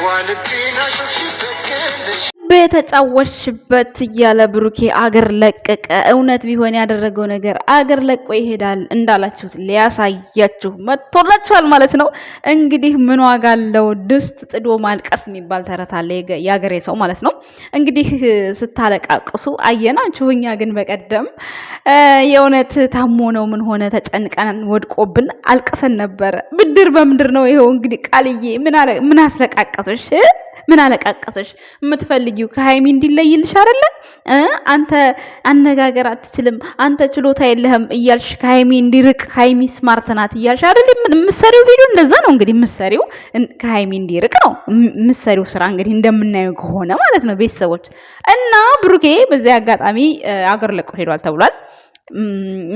wanna be nice, so she bet can በተጫወሽበት እያለ ብሩኬ አገር ለቀቀ። እውነት ቢሆን ያደረገው ነገር አገር ለቆ ይሄዳል እንዳላችሁት ሊያሳያችሁ መጥቶላችኋል ማለት ነው። እንግዲህ ምን ዋጋ አለው ድስት ጥዶ ማልቀስ የሚባል ተረት አለ፣ የአገሬ ሰው ማለት ነው። እንግዲህ ስታለቃቅሱ አየናችሁ። እኛ ግን በቀደም የእውነት ታሞ ነው ምን ሆነ ተጨንቀን ወድቆብን አልቅሰን ነበረ። ብድር በምድር ነው ይኸው እንግዲህ ቃልዬ ምን አስለቃቀስሽ? ምን አለቃቀስሽ የምትፈልጊ የምትፈልጊው ከሀይሚ እንዲለይልሽ አይደለ? አንተ አነጋገር አትችልም፣ አንተ ችሎታ የለህም እያልሽ ከሀይሚ እንዲርቅ ሀይሚ ስማርት ናት እያልሽ አይደል? የምትሰሪው ቪዲዮ እንደዛ ነው እንግዲህ የምትሰሪው ከሀይሚ እንዲርቅ ነው የምትሰሪው ስራ እንግዲህ እንደምናየው ከሆነ ማለት ነው ቤተሰቦች እና ብሩኬ በዚያ አጋጣሚ አገር ለቆ ሄዷል ተብሏል።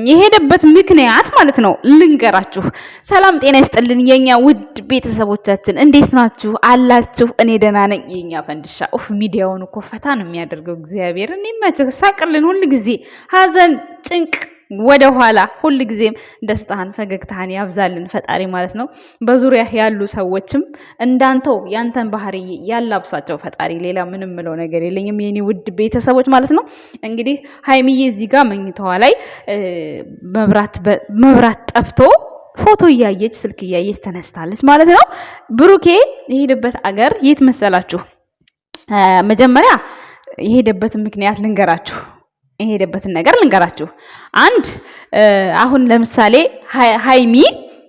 የሄደበት ምክንያት ማለት ነው ልንገራችሁ። ሰላም ጤና ይስጥልን የኛ ውድ ቤተሰቦቻችን እንዴት ናችሁ አላችሁ? እኔ ደህና ነኝ። የኛ ፈንድሻ ኦፍ ሚዲያውን እኮ ፈታ ነው የሚያደርገው። እግዚአብሔርን ይመችህ፣ ሳቅልን ሁል ጊዜ ሀዘን ጭንቅ ወደ ኋላ ሁል ጊዜም ደስታህን ፈገግታህን ያብዛልን ፈጣሪ ማለት ነው። በዙሪያ ያሉ ሰዎችም እንዳንተው ያንተን ባህሪ ያላብሳቸው ፈጣሪ። ሌላ ምንም ምለው ነገር የለኝም የኔ ውድ ቤተሰቦች ማለት ነው። እንግዲህ ሀይሚዬ እዚህ ጋር መኝተዋ ላይ መብራት ጠፍቶ ፎቶ እያየች ስልክ እያየች ተነስታለች ማለት ነው። ብሩኬ የሄደበት አገር የት መሰላችሁ? መጀመሪያ የሄደበትን ምክንያት ልንገራችሁ። የሄደበትን ነገር ልንገራችሁ። አንድ አሁን ለምሳሌ ሀይሚ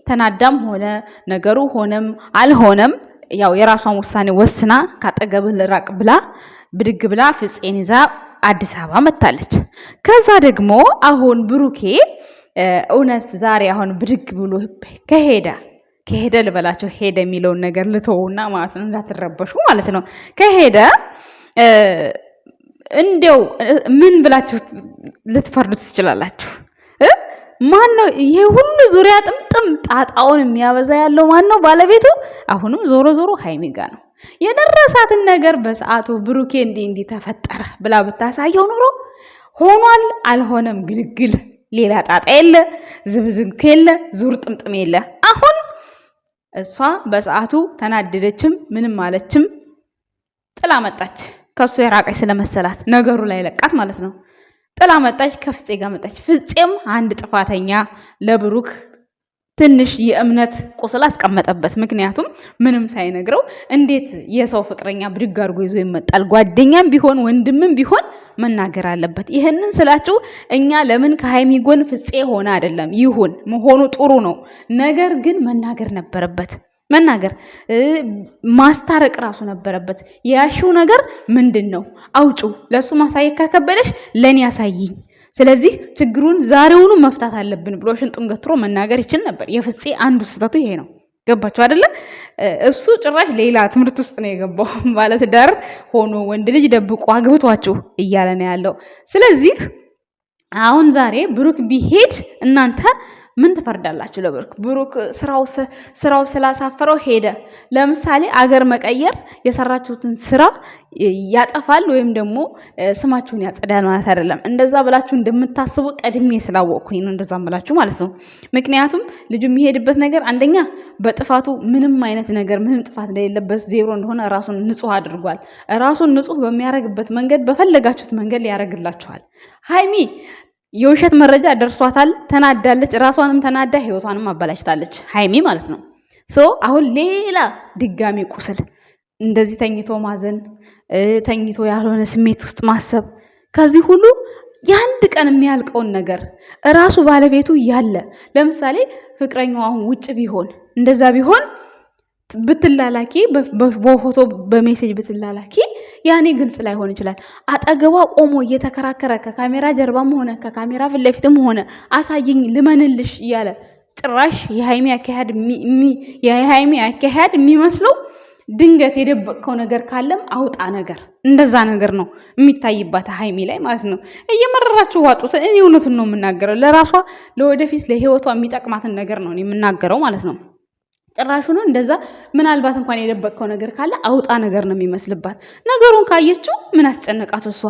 ተናዳም ሆነ ነገሩ ሆነም አልሆነም ያው የራሷን ውሳኔ ወስና ካጠገብ ልራቅ ብላ ብድግ ብላ ፍፄን ይዛ አዲስ አበባ መታለች። ከዛ ደግሞ አሁን ብሩኬ እውነት ዛሬ አሁን ብድግ ብሎ ከሄደ ከሄደ ልበላቸው ሄደ የሚለውን ነገር ልተውና ማለት ነው እንዳትረበሹ ማለት ነው ከሄደ እንደው ምን ብላችሁ ልትፈርዱት ትችላላችሁ? ማን ነው ይሄ ሁሉ ዙሪያ ጥምጥም ጣጣውን የሚያበዛ ያለው ማን ነው? ባለቤቱ አሁንም ዞሮ ዞሮ ሀይሚ ጋ ነው። የደረሳትን ነገር በሰዓቱ ብሩኬ እንዲህ እንዲህ ተፈጠረ ብላ ብታሳየው ኑሮ ሆኗል አልሆነም፣ ግልግል ሌላ ጣጣ የለ፣ ዝብዝንክ የለ፣ ዙር ጥምጥም የለ። አሁን እሷ በሰዓቱ ተናደደችም ምንም አለችም ጥላ መጣች። ከእሱ የራቀች ስለመሰላት ነገሩ ላይ ለቃት ማለት ነው። ጥላ መጣች፣ ከፍፄ ጋር መጣች። ፍፄም አንድ ጥፋተኛ ለብሩክ ትንሽ የእምነት ቁስል አስቀመጠበት። ምክንያቱም ምንም ሳይነግረው እንዴት የሰው ፍቅረኛ ብድግ አድርጎ ይዞ ይመጣል? ጓደኛም ቢሆን ወንድምም ቢሆን መናገር አለበት። ይህንን ስላችሁ እኛ ለምን ከሀይሚ ጎን ፍፄ ሆነ አይደለም፣ ይሁን መሆኑ ጥሩ ነው። ነገር ግን መናገር ነበረበት። መናገር ማስታረቅ ራሱ ነበረበት። የያሽው ነገር ምንድን ነው? አውጩ። ለእሱ ማሳየት ከከበደሽ ለእኔ ያሳይኝ። ስለዚህ ችግሩን ዛሬውኑ መፍታት አለብን ብሎ ሽንጡን ገትሮ መናገር ይችል ነበር። የፍፄ አንዱ ስህተቱ ይሄ ነው። ገባችሁ አይደለ? እሱ ጭራሽ ሌላ ትምህርት ውስጥ ነው የገባው። ባለትዳር ሆኖ ወንድ ልጅ ደብቆ አግብቷችሁ እያለ ነው ያለው። ስለዚህ አሁን ዛሬ ብሩክ ቢሄድ እናንተ ምን ትፈርዳላችሁ? ለብሩክ ብሩክ ስራው ስላሳፈረው ሄደ። ለምሳሌ አገር መቀየር የሰራችሁትን ስራ ያጠፋል ወይም ደግሞ ስማችሁን ያጸዳል ማለት አይደለም። እንደዛ ብላችሁ እንደምታስቡ ቀድሜ ስላወቅኩኝ ነው እንደዛ ብላችሁ ማለት ነው። ምክንያቱም ልጁ የሚሄድበት ነገር አንደኛ በጥፋቱ ምንም አይነት ነገር ምንም ጥፋት እንደሌለበት ዜሮ እንደሆነ ራሱን ንጹህ አድርጓል። ራሱን ንጹህ በሚያደርግበት መንገድ በፈለጋችሁት መንገድ ሊያደርግላችኋል። ሀይሚ የውሸት መረጃ ደርሷታል፣ ተናዳለች። ራሷንም ተናዳ ህይወቷንም አበላሽታለች ሀይሚ ማለት ነው። ሶ አሁን ሌላ ድጋሚ ቁስል እንደዚህ ተኝቶ ማዘን፣ ተኝቶ ያልሆነ ስሜት ውስጥ ማሰብ ከዚህ ሁሉ የአንድ ቀን የሚያልቀውን ነገር እራሱ ባለቤቱ ያለ ለምሳሌ ፍቅረኛው አሁን ውጭ ቢሆን እንደዛ ቢሆን ብትላላኪ፣ በፎቶ በሜሴጅ ብትላላኪ ያኔ ግልጽ ላይሆን ይችላል። አጠገቧ ቆሞ እየተከራከረ ከካሜራ ጀርባም ሆነ ከካሜራ ፊት ለፊትም ሆነ አሳይኝ፣ ልመንልሽ እያለ ጭራሽ የሃይሚ አካሄድ የሚመስለው ድንገት የደበቅከው ነገር ካለም አውጣ ነገር እንደዛ ነገር ነው የሚታይባት ሃይሚ ላይ ማለት ነው። እየመረራችሁ ዋጡት። እኔ እውነቱን ነው የምናገረው። ለራሷ ለወደፊት ለህይወቷ የሚጠቅማትን ነገር ነው የምናገረው ማለት ነው። ነው እንደዛ ምናልባት እንኳን የደበቅከው ነገር ካለ አውጣ ነገር ነው የሚመስልባት። ነገሩን ካየችው ምን አስጨነቃት? እሷ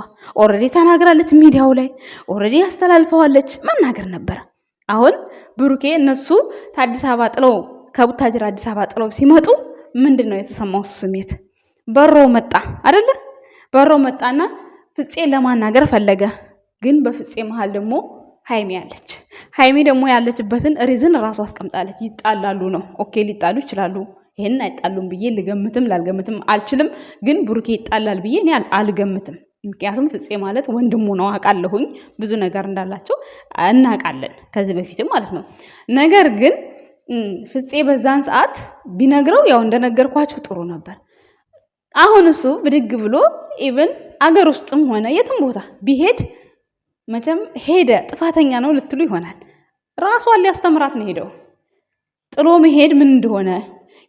ኦልሬዲ ተናግራለች፣ ሚዲያው ላይ ኦልሬዲ ያስተላልፈዋለች። መናገር ነበረ። አሁን ብሩኬ እነሱ ከአዲስ አበባ ጥለው ከቡታጅራ አዲስ አበባ ጥለው ሲመጡ ምንድን ነው የተሰማው ስሜት? በሮ መጣ አደለ? በሮ መጣና ፍፄ ለማናገር ፈለገ። ግን በፍፄ መሀል ደግሞ ሀይሚ ያለች ሀይሚ ደግሞ ያለችበትን ሪዝን እራሱ አስቀምጣለች። ይጣላሉ ነው ኦኬ፣ ሊጣሉ ይችላሉ። ይህንን አይጣሉም ብዬ ልገምትም ላልገምትም አልችልም። ግን ብሩኬ ይጣላል ብዬ እኔ አልገምትም። ምክንያቱም ፍፄ ማለት ወንድሙ ነው አውቃለሁኝ። ብዙ ነገር እንዳላቸው እናውቃለን ከዚህ በፊትም ማለት ነው። ነገር ግን ፍፄ በዛን ሰዓት ቢነግረው ያው እንደነገርኳቸው ጥሩ ነበር። አሁን እሱ ብድግ ብሎ ኢቨን አገር ውስጥም ሆነ የትም ቦታ ቢሄድ መቼም ሄደ ጥፋተኛ ነው ልትሉ ይሆናል። ራሷን ሊያስተምራት ነው ሄደው። ጥሎ መሄድ ምን እንደሆነ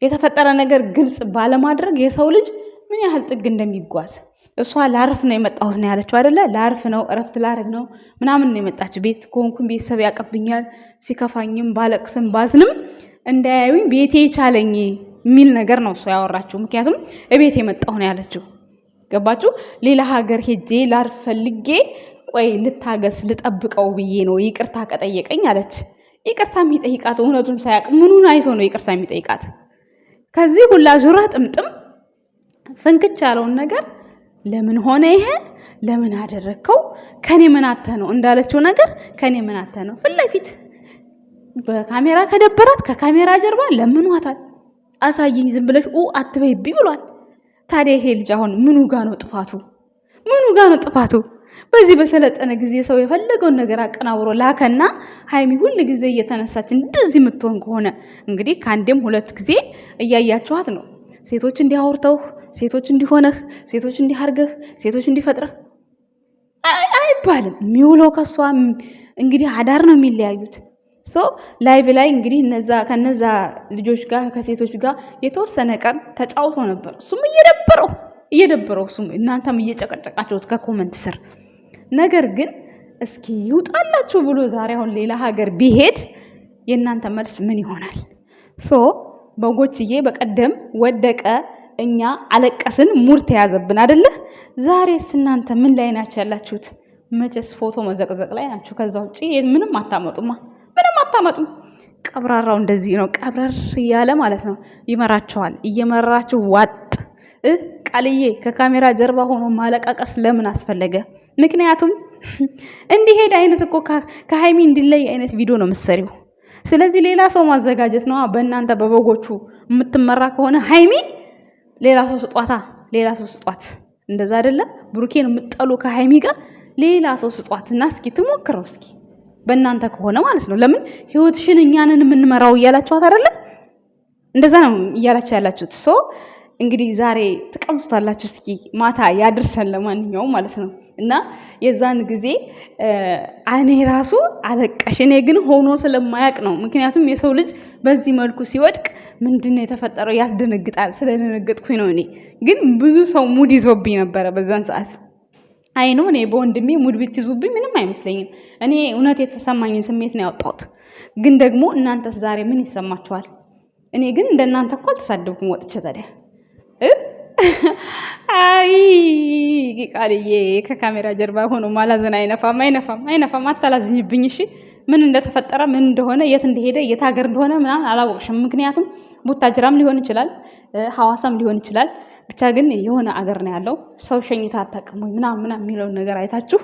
የተፈጠረ ነገር ግልጽ ባለማድረግ የሰው ልጅ ምን ያህል ጥግ እንደሚጓዝ እሷ ላርፍ ነው የመጣሁት ነው ያለችው አይደለ? ላርፍ ነው እረፍት ላረግ ነው ምናምን ነው የመጣችው። ቤት ከሆንኩም ቤተሰብ ያቀብኛል፣ ሲከፋኝም ባለቅስም ባዝንም እንዳያዩኝ ቤቴ ይቻለኝ የሚል ነገር ነው እሷ ያወራችው። ምክንያቱም እቤት የመጣሁ ነው ያለችው። ገባችሁ? ሌላ ሀገር ሄጄ ላርፍ ፈልጌ ቆይ ልታገስ ልጠብቀው ብዬ ነው ይቅርታ ከጠየቀኝ አለች። ይቅርታ የሚጠይቃት እውነቱን ሳያውቅ ምኑን አይቶ ነው ይቅርታ የሚጠይቃት? ከዚህ ሁላ ዙራ ጥምጥም ፍንክች ያለውን ነገር ለምን ሆነ ይሄ ለምን አደረግከው ከኔ ምናተ ነው እንዳለችው ነገር ከኔ ምናተ ነው ፊት ለፊት በካሜራ ከደበራት ከካሜራ ጀርባ ለምኗታል። አሳይኝ ዝም ብለሽ ኡ አትበይብኝ ብሏል። ታዲያ ይሄ ልጅ አሁን ምኑ ጋ ነው ጥፋቱ? ምኑ ጋ ነው ጥፋቱ? በዚህ በሰለጠነ ጊዜ ሰው የፈለገውን ነገር አቀናብሮ ላከና ሀይሚ ሁል ጊዜ እየተነሳች እንደዚህ የምትሆን ከሆነ እንግዲህ ከአንዴም ሁለት ጊዜ እያያችኋት ነው። ሴቶች እንዲያወርተውህ፣ ሴቶች እንዲሆነህ፣ ሴቶች እንዲያርገህ፣ ሴቶች እንዲፈጥረህ አይባልም። የሚውለው ከሷ እንግዲህ አዳር ነው የሚለያዩት። ሶ ላይቭ ላይ እንግዲህ ከነዛ ልጆች ጋር ከሴቶች ጋር የተወሰነ ቀን ተጫውቶ ነበር። እሱም እየደበረው እየደበረው እሱም እናንተም እየጨቀጨቃችሁት ከኮመንት ስር ነገር ግን እስኪ ይውጣላችሁ ብሎ ዛሬ አሁን ሌላ ሀገር ቢሄድ የእናንተ መልስ ምን ይሆናል? ሶ በጎችዬ በቀደም ወደቀ፣ እኛ አለቀስን፣ ሙድ ተያዘብን አደለ? ዛሬስ እናንተ ምን ላይ ናቸው ያላችሁት? መቼስ ፎቶ መዘቅዘቅ ላይ ናችሁ። ከዛ ውጭ ምንም አታመጡማ፣ ምንም አታመጡም። ቀብራራው እንደዚህ ነው፣ ቀብረር እያለ ማለት ነው። ይመራችኋል፣ እየመራችሁ ዋጥ። ቃልዬ ከካሜራ ጀርባ ሆኖ ማለቃቀስ ለምን አስፈለገ? ምክንያቱም እንዲሄድ አይነት እኮ ከሀይሚ እንዲለይ አይነት ቪዲዮ ነው የምትሰሪው። ስለዚህ ሌላ ሰው ማዘጋጀት ነው በእናንተ በበጎቹ የምትመራ ከሆነ ሀይሚ ሌላ ሰው ስጧታ፣ ሌላ ሰው ስጧት። እንደዛ አይደለ? ብሩኬን የምጠሉ ከሀይሚ ጋር ሌላ ሰው ስጧት እና እስኪ ትሞክረው እስኪ በእናንተ ከሆነ ማለት ነው። ለምን ህይወትሽን እኛንን የምንመራው እያላችኋት አይደለ? እንደዛ ነው እያላችሁ ያላችሁት ሰው እንግዲህ ዛሬ ትቀምሱታላችሁ። እስኪ ማታ ያድርሰን ለማንኛውም ማለት ነው። እና የዛን ጊዜ እኔ ራሱ አለቀሽ። እኔ ግን ሆኖ ስለማያቅ ነው። ምክንያቱም የሰው ልጅ በዚህ መልኩ ሲወድቅ ምንድነው የተፈጠረው? ያስደነግጣል። ስለደነገጥኩኝ ነው። እኔ ግን ብዙ ሰው ሙድ ይዞብኝ ነበረ በዛን ሰዓት። አይ ነው እኔ በወንድሜ ሙድ ብትይዙብኝ ምንም አይመስለኝም። እኔ እውነት የተሰማኝን ስሜት ነው ያወጣሁት። ግን ደግሞ እናንተስ ዛሬ ምን ይሰማችኋል? እኔ ግን እንደናንተ እኮ አልተሳደብኩም ወጥቼ ታዲያ አይ ቃልዬ ከካሜራ ጀርባ ሆኖ ማላዘን አይነፋም፣ አይነፋም፣ አይነፋም። አታላዝኝብኝ እሺ። ምን እንደተፈጠረ ምን እንደሆነ የት እንደሄደ የት ሀገር እንደሆነ ምናምን አላወቅሽም። ምክንያቱም ቡታጅራም ሊሆን ይችላል፣ ሀዋሳም ሊሆን ይችላል። ብቻ ግን የሆነ አገር ነው ያለው። ሰው ሸኝታ አታቅም ወይ ምናምን ምናምን የሚለውን ነገር አይታችሁ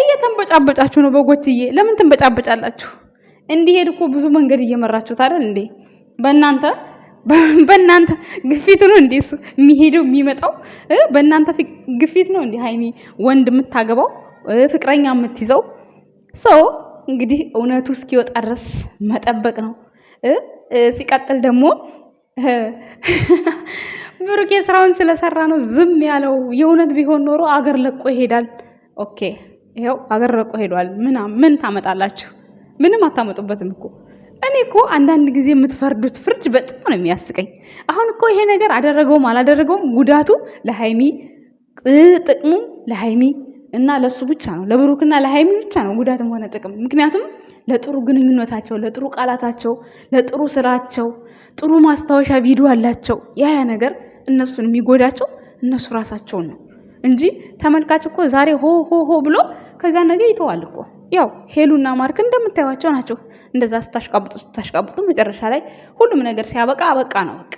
እየተንበጫበጫችሁ ነው። በጎችዬ ለምን ትንበጫበጫላችሁ? እንዲሄድ እኮ ብዙ መንገድ እየመራችሁት አይደል እንዴ በእናንተ በእናንተ ግፊት ነው እንዴ የሚሄደው የሚመጣው? በእናንተ ግፊት ነው እንዲ ሀይሚ ወንድ የምታገባው ፍቅረኛ የምትይዘው? ሰው እንግዲህ እውነቱ እስኪወጣ ድረስ መጠበቅ ነው። ሲቀጥል ደግሞ ብሩኬ ስራውን ስለሰራ ነው ዝም ያለው። የእውነት ቢሆን ኖሮ አገር ለቆ ይሄዳል። ኦኬ ይኸው አገር ለቆ ሄዷል። ምን ታመጣላችሁ? ምንም አታመጡበትም እኮ እኔ እኮ አንዳንድ ጊዜ የምትፈርዱት ፍርድ በጣም ነው የሚያስቀኝ። አሁን እኮ ይሄ ነገር አደረገውም አላደረገውም ጉዳቱ ለሀይሚ ጥቅሙ ለሀይሚ እና ለሱ ብቻ ነው፣ ለብሩክና ለሀይሚ ብቻ ነው ጉዳትም ሆነ ጥቅም። ምክንያቱም ለጥሩ ግንኙነታቸው፣ ለጥሩ ቃላታቸው፣ ለጥሩ ስራቸው ጥሩ ማስታወሻ ቪዲዮ አላቸው። ያ ነገር እነሱን የሚጎዳቸው እነሱ ራሳቸውን ነው እንጂ ተመልካች እኮ ዛሬ ሆ ሆ ሆ ብሎ ከዚያ ነገር ይተዋል እኮ ያው ሄሉና ማርክ እንደምታዩቸው ናቸው። እንደዛ ስታሽቃብጡ ስታሽቃብጡ መጨረሻ ላይ ሁሉም ነገር ሲያበቃ አበቃ ነው በቃ።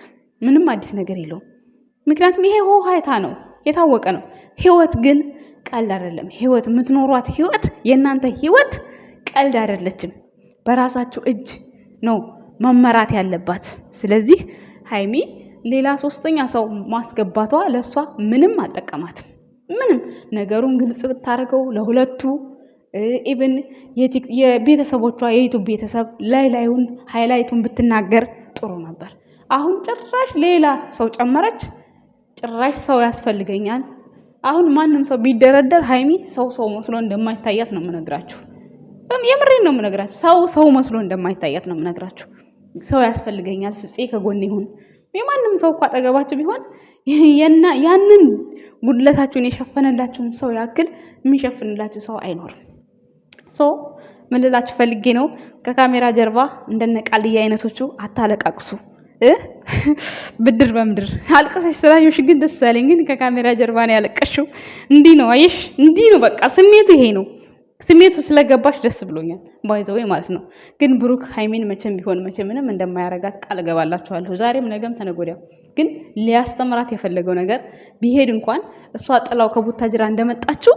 ምንም አዲስ ነገር የለውም። ምክንያቱም ይሄ ሆሃይታ ነው የታወቀ ነው። ህይወት ግን ቀልድ አይደለም። ህይወት የምትኖሯት ህይወት የእናንተ ህይወት ቀልድ አይደለችም። በራሳችሁ እጅ ነው መመራት ያለባት። ስለዚህ ሀይሚ ሌላ ሶስተኛ ሰው ማስገባቷ ለእሷ ምንም አጠቀማትም። ምንም ነገሩን ግልጽ ብታደርገው ለሁለቱ ኢቭን የቤተሰቦቿ የዩቱብ ቤተሰብ ላይ ላዩን ሃይላይቱን ብትናገር ጥሩ ነበር። አሁን ጭራሽ ሌላ ሰው ጨመረች። ጭራሽ ሰው ያስፈልገኛል። አሁን ማንም ሰው ቢደረደር ሀይሚ ሰው ሰው መስሎ እንደማይታያት ነው የምነግራችሁ። የምሬን ነው የምነግራችሁ። ሰው ሰው መስሎ እንደማይታያት ነው የምነግራችሁ። ሰው ያስፈልገኛል፣ ፍፄ ከጎን ይሁን። የማንም ሰው እኮ አጠገባችሁ ቢሆን ያንን ጉድለታችሁን የሸፈነላችሁን ሰው ያክል የሚሸፍንላችሁ ሰው አይኖርም። ሶ ምን ልላችሁ ፈልጌ ነው፣ ከካሜራ ጀርባ እንደነ ቃልዬ አይነቶቹ አታለቃቅሱ። ብድር በምድር አልቀሰሽ ስላየሽ ግን ደስ ያለኝ፣ ግን ከካሜራ ጀርባ ነው ያለቀሽው። እንዲህ ነው አየሽ፣ እንዲህ ነው በቃ ስሜቱ ይሄ ነው። ስሜቱ ስለገባሽ ደስ ብሎኛል። ባይዘወይ ማለት ነው። ግን ብሩክ ሃይሜን መቼም ቢሆን መቼ ምንም እንደማያረጋት ቃል እገባላችኋለሁ። ዛሬም ነገም ተነጎዳያው ግን ሊያስተምራት የፈለገው ነገር ቢሄድ እንኳን እሷ ጥላው ከቡታጅራ እንደመጣችው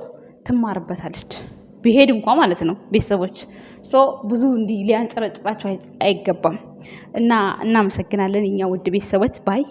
ትማርበታለች። ቢሄድ እንኳ ማለት ነው ቤተሰቦች ብዙ እንዲህ ሊያንጨረጭራቸው አይገባም እና እናመሰግናለን እኛ ውድ ቤተሰቦች ባይ